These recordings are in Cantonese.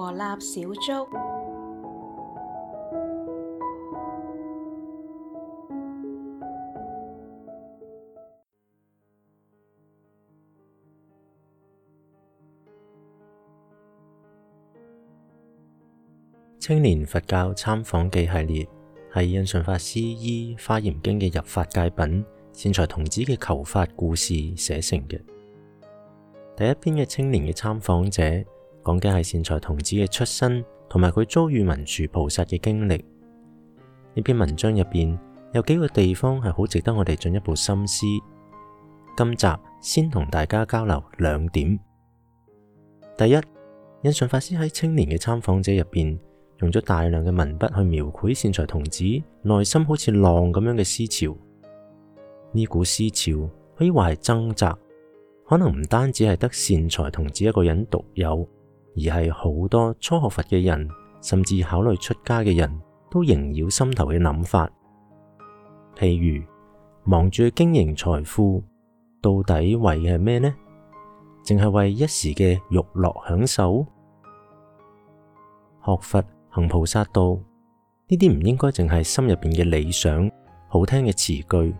和立小築。青年佛教參訪記系列係印順法師依《華嚴經》嘅入法界品善財童子嘅求法故事寫成嘅。第一篇嘅青年嘅參訪者。講嘅係善財童子嘅出身，同埋佢遭遇文殊菩薩嘅經歷。呢篇文章入邊有幾個地方係好值得我哋進一步深思。今集先同大家交流兩點。第一，印順法師喺青年嘅參訪者入邊，用咗大量嘅文筆去描繪善財童子內心好似浪咁樣嘅思潮。呢股思潮可以話係掙扎，可能唔單止係得善財童子一個人獨有。而係好多初學佛嘅人，甚至考慮出家嘅人都縈繞心頭嘅諗法，譬如忙住經營財富，到底為嘅係咩呢？淨係為一時嘅欲樂享受？學佛行菩薩道呢啲唔應該淨係心入邊嘅理想、好聽嘅詞句，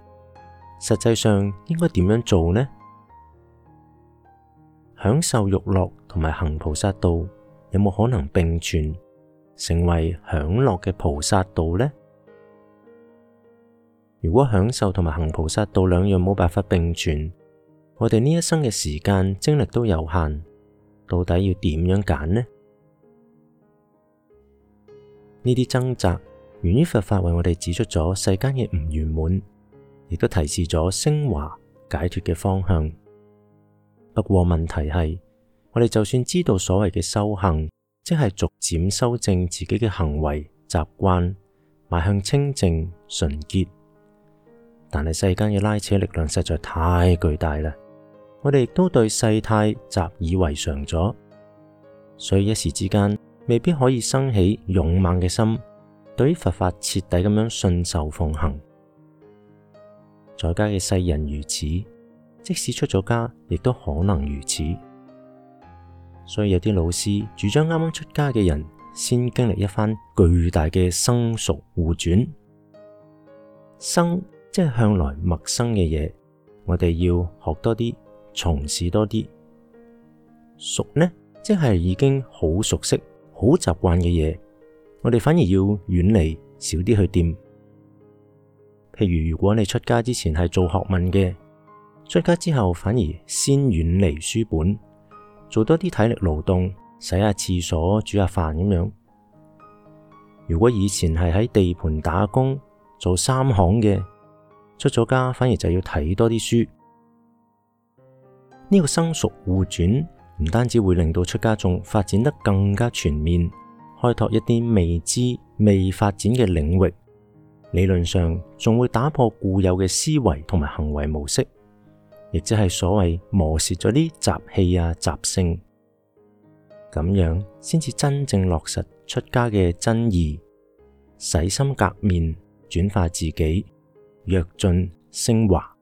實際上應該點樣做呢？享受欲樂。同埋行菩薩道有冇可能並存，成為享樂嘅菩薩道呢？如果享受同埋行菩薩道兩樣冇辦法並存，我哋呢一生嘅時間精力都有限，到底要點樣揀呢？呢啲掙扎源於佛法為我哋指出咗世間嘅唔圓滿，亦都提示咗升華解脫嘅方向。不過問題係，我哋就算知道所謂嘅修行，即係逐漸修正自己嘅行為習慣，邁向清淨純潔，但係世間嘅拉扯力量實在太巨大啦。我哋亦都對世態習以為常咗，所以一時之間未必可以生起勇猛嘅心，對於佛法徹底咁樣信受奉行。在家嘅世人如此，即使出咗家，亦都可能如此。所以有啲老師主張，啱啱出家嘅人先經歷一番巨大嘅生熟互轉。生即係向來陌生嘅嘢，我哋要學多啲，從事多啲；熟呢，即係已經好熟悉、好習慣嘅嘢，我哋反而要遠離，少啲去掂。譬如如果你出家之前係做學問嘅，出家之後反而先遠離書本。做多啲體力勞動，洗下廁所、煮下飯咁樣。如果以前係喺地盤打工做三行嘅，出咗家反而就要睇多啲書。呢個生熟互轉唔單止會令到出家仲發展得更加全面，開拓一啲未知未發展嘅領域，理論上仲會打破固有嘅思維同埋行為模式。亦即係所謂磨蝕咗啲習氣啊、習性，咁樣先至真正落實出家嘅真義，洗心革面，轉化自己，躍進升華。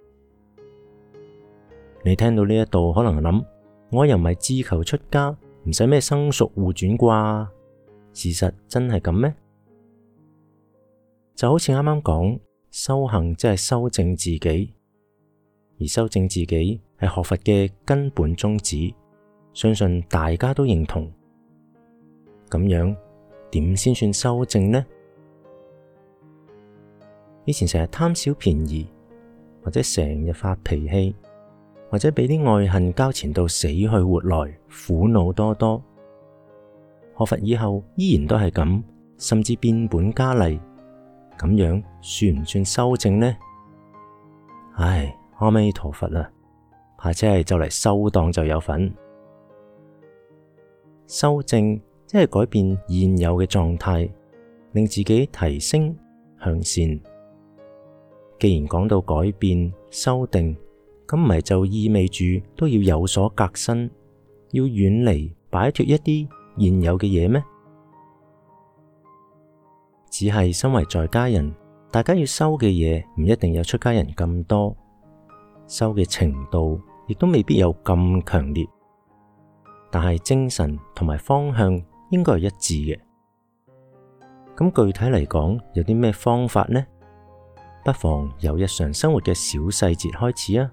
你聽到呢一度，可能諗：我又唔係自求出家，唔使咩生熟互轉啩？事實真係咁咩？就好似啱啱講，修行即係修正自己。而修正自己係學佛嘅根本宗旨，相信大家都認同。咁樣點先算修正呢？以前成日貪小便宜，或者成日發脾氣，或者俾啲愛恨交纏到死去活來，苦惱多多。學佛以後依然都係咁，甚至變本加厲，咁樣算唔算修正呢？唉。阿彌陀佛啦，即係就嚟收檔就有份修正，即係改變現有嘅狀態，令自己提升向善。既然講到改變修訂，咁唔係就意味住都要有所革新，要遠離擺脫一啲現有嘅嘢咩？只係身為在家人，大家要修嘅嘢唔一定有出家人咁多。收嘅程度亦都未必有咁強烈，但係精神同埋方向應該係一致嘅。咁具體嚟講，有啲咩方法呢？不妨由日常生活嘅小細節開始啊。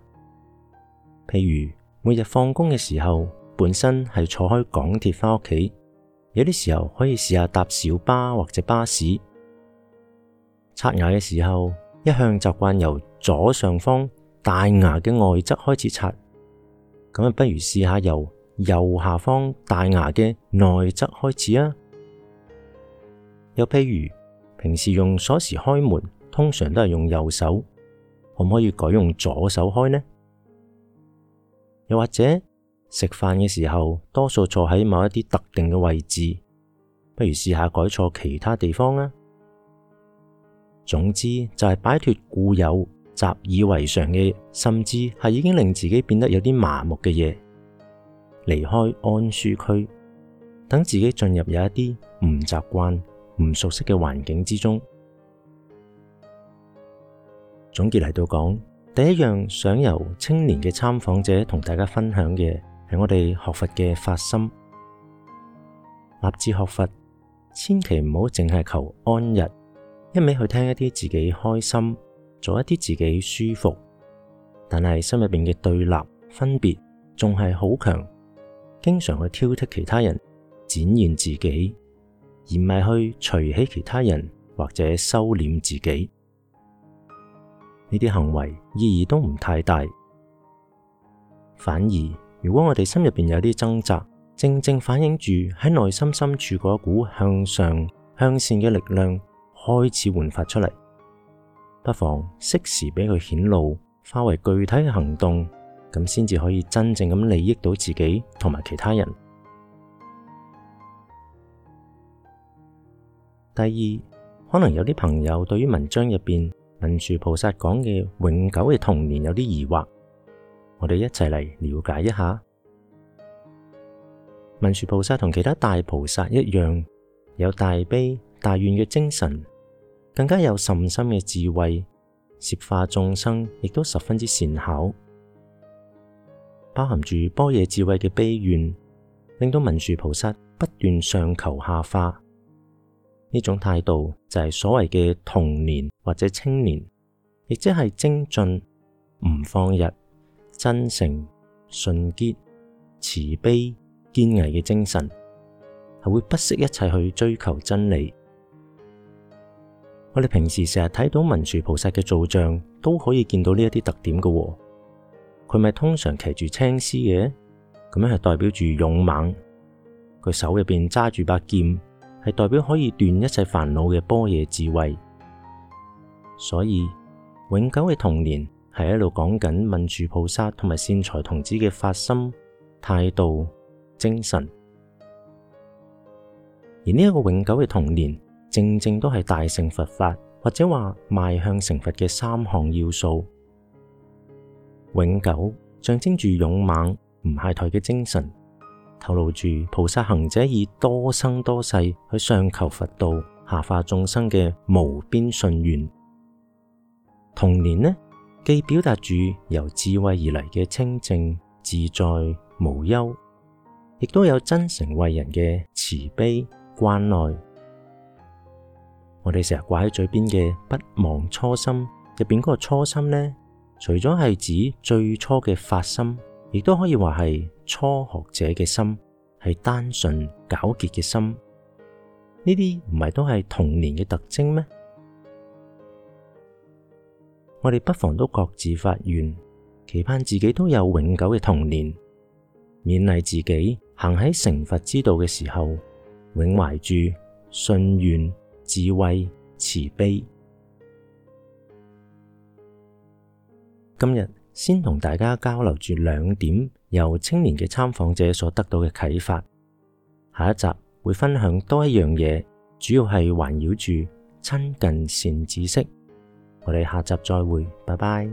譬如每日放工嘅時候，本身係坐開港鐵返屋企，有啲時候可以試下搭小巴或者巴士。刷牙嘅時候，一向習慣由左上方。大牙嘅外側開始刷，咁啊，不如試下由右下方大牙嘅內側開始啊。又譬如平時用鎖匙開門，通常都係用右手，可唔可以改用左手開呢？又或者食飯嘅時候，多數坐喺某一啲特定嘅位置，不如試下改坐其他地方啦。總之就係擺脫固有。習以為常嘅，甚至係已經令自己變得有啲麻木嘅嘢，離開安舒區，等自己進入有一啲唔習慣、唔熟悉嘅環境之中。總結嚟到講，第一樣想由青年嘅參訪者同大家分享嘅係我哋學佛嘅發心，立志學佛，千祈唔好淨係求安逸，一味去聽一啲自己開心。做一啲自己舒服，但係心入邊嘅對立、分別仲係好強，經常去挑剔其他人，展現自己，而唔係去隨起其他人或者收斂自己。呢啲行為意義都唔太大。反而如果我哋心入邊有啲掙扎，正正反映住喺內心深處嗰一股向上、向善嘅力量開始煥發出嚟。不妨適時俾佢顯露，化為具體嘅行動，咁先至可以真正咁利益到自己同埋其他人。第二，可能有啲朋友對於文章入邊文殊菩薩講嘅永久嘅童年有啲疑惑，我哋一齊嚟了解一下。文殊菩薩同其他大菩薩一樣，有大悲大願嘅精神。更加有甚深嘅智慧，攝化眾生，亦都十分之善巧，包含住般若智慧嘅悲願，令到文殊菩薩不斷上求下化。呢種態度就係所謂嘅童年或者青年，亦即係精進、唔放逸、真誠、純潔、慈悲、堅毅嘅精神，係會不惜一切去追求真理。我哋平時成日睇到文殊菩薩嘅造像，都可以見到呢一啲特點嘅。佢咪通常騎住青獅嘅，咁樣係代表住勇猛。佢手入邊揸住把劍，係代表可以斷一切煩惱嘅般若智慧。所以永久嘅童年係一路講緊文殊菩薩同埋善財童子嘅發心、態度、精神。而呢一個永久嘅童年。正正都係大乘佛法，或者話邁向成佛嘅三項要素。永久象徵住勇猛唔懈怠嘅精神，透露住菩薩行者以多生多世去上求佛道、下化眾生嘅無邊信願。童年呢，既表達住由智慧而來嘅清淨自在無憂，亦都有真誠為人嘅慈悲關愛。我哋成日掛喺嘴邊嘅不忘初心，入邊嗰個初心呢，除咗係指最初嘅發心，亦都可以話係初學者嘅心，係單純皎潔嘅心。呢啲唔係都係童年嘅特徵咩？我哋不妨都各自發願，期盼自己都有永久嘅童年，勉勵自己行喺成佛之道嘅時候，永懷住信願。智慧慈悲，今日先同大家交流住兩點由青年嘅參訪者所得到嘅啟發，下一集會分享多一樣嘢，主要係環繞住親近善知識。我哋下集再會，拜拜。